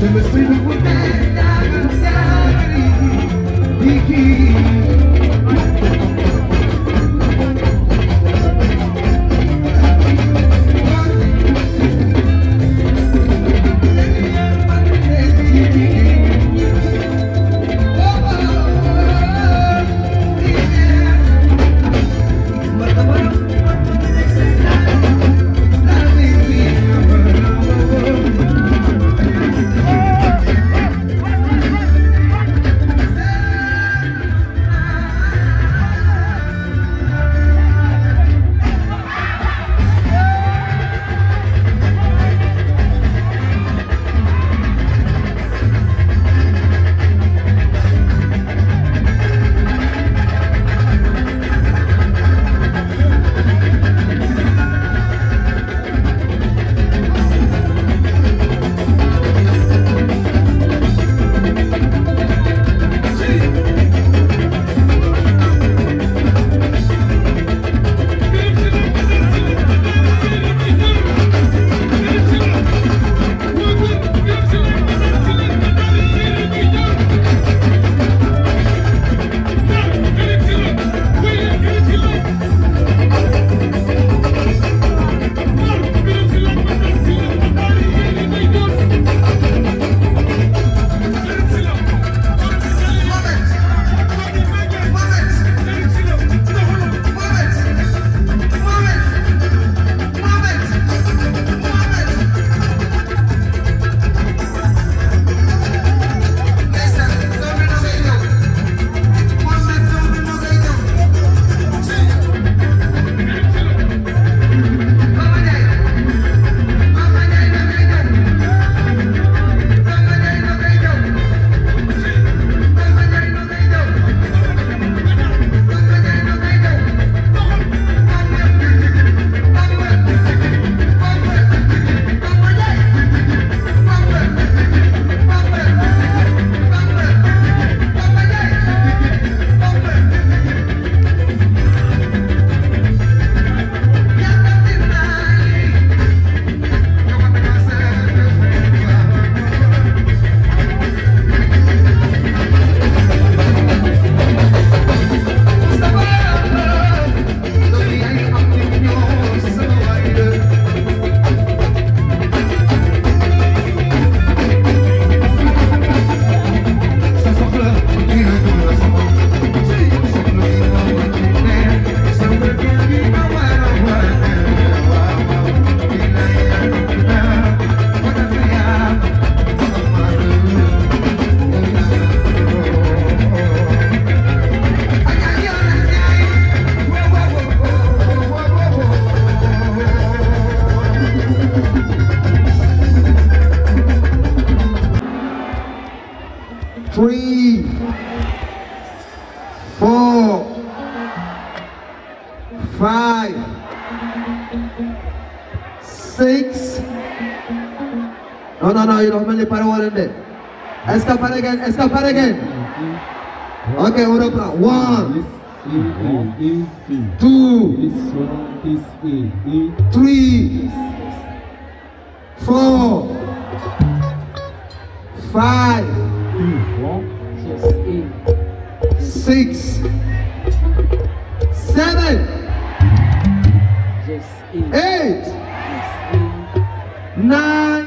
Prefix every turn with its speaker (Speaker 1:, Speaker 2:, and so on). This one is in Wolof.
Speaker 1: Temos sido por tanta ansiedade E que li pare woon nañ de est pare ngeen est-ce que pare ngeen ok on reprend one two three four five six seven eight nine